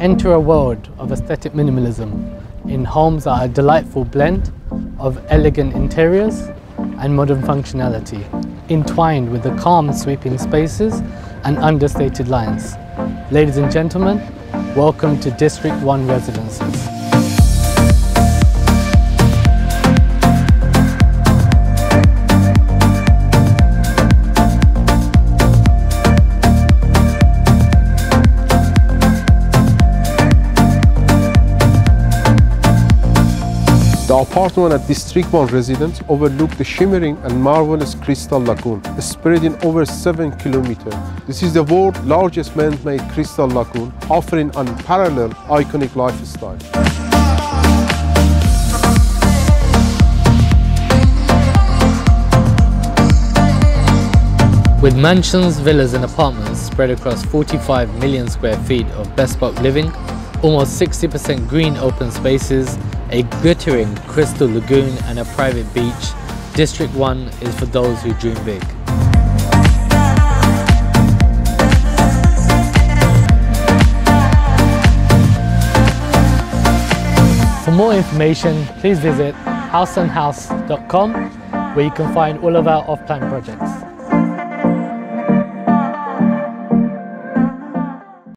enter a world of aesthetic minimalism in homes that are a delightful blend of elegant interiors and modern functionality, entwined with the calm sweeping spaces and understated lines. Ladies and gentlemen, welcome to District 1 Residences. The apartment at District 1 Residence overlooks the shimmering and marvelous crystal lagoon, spreading over 7 kilometers. This is the world's largest man-made crystal lagoon, offering unparalleled iconic lifestyle. With mansions, villas and apartments spread across 45 million square feet of best spot living, almost 60% green open spaces, a glittering crystal lagoon and a private beach. District 1 is for those who dream big. For more information, please visit houseandhouse.com where you can find all of our off-plan projects.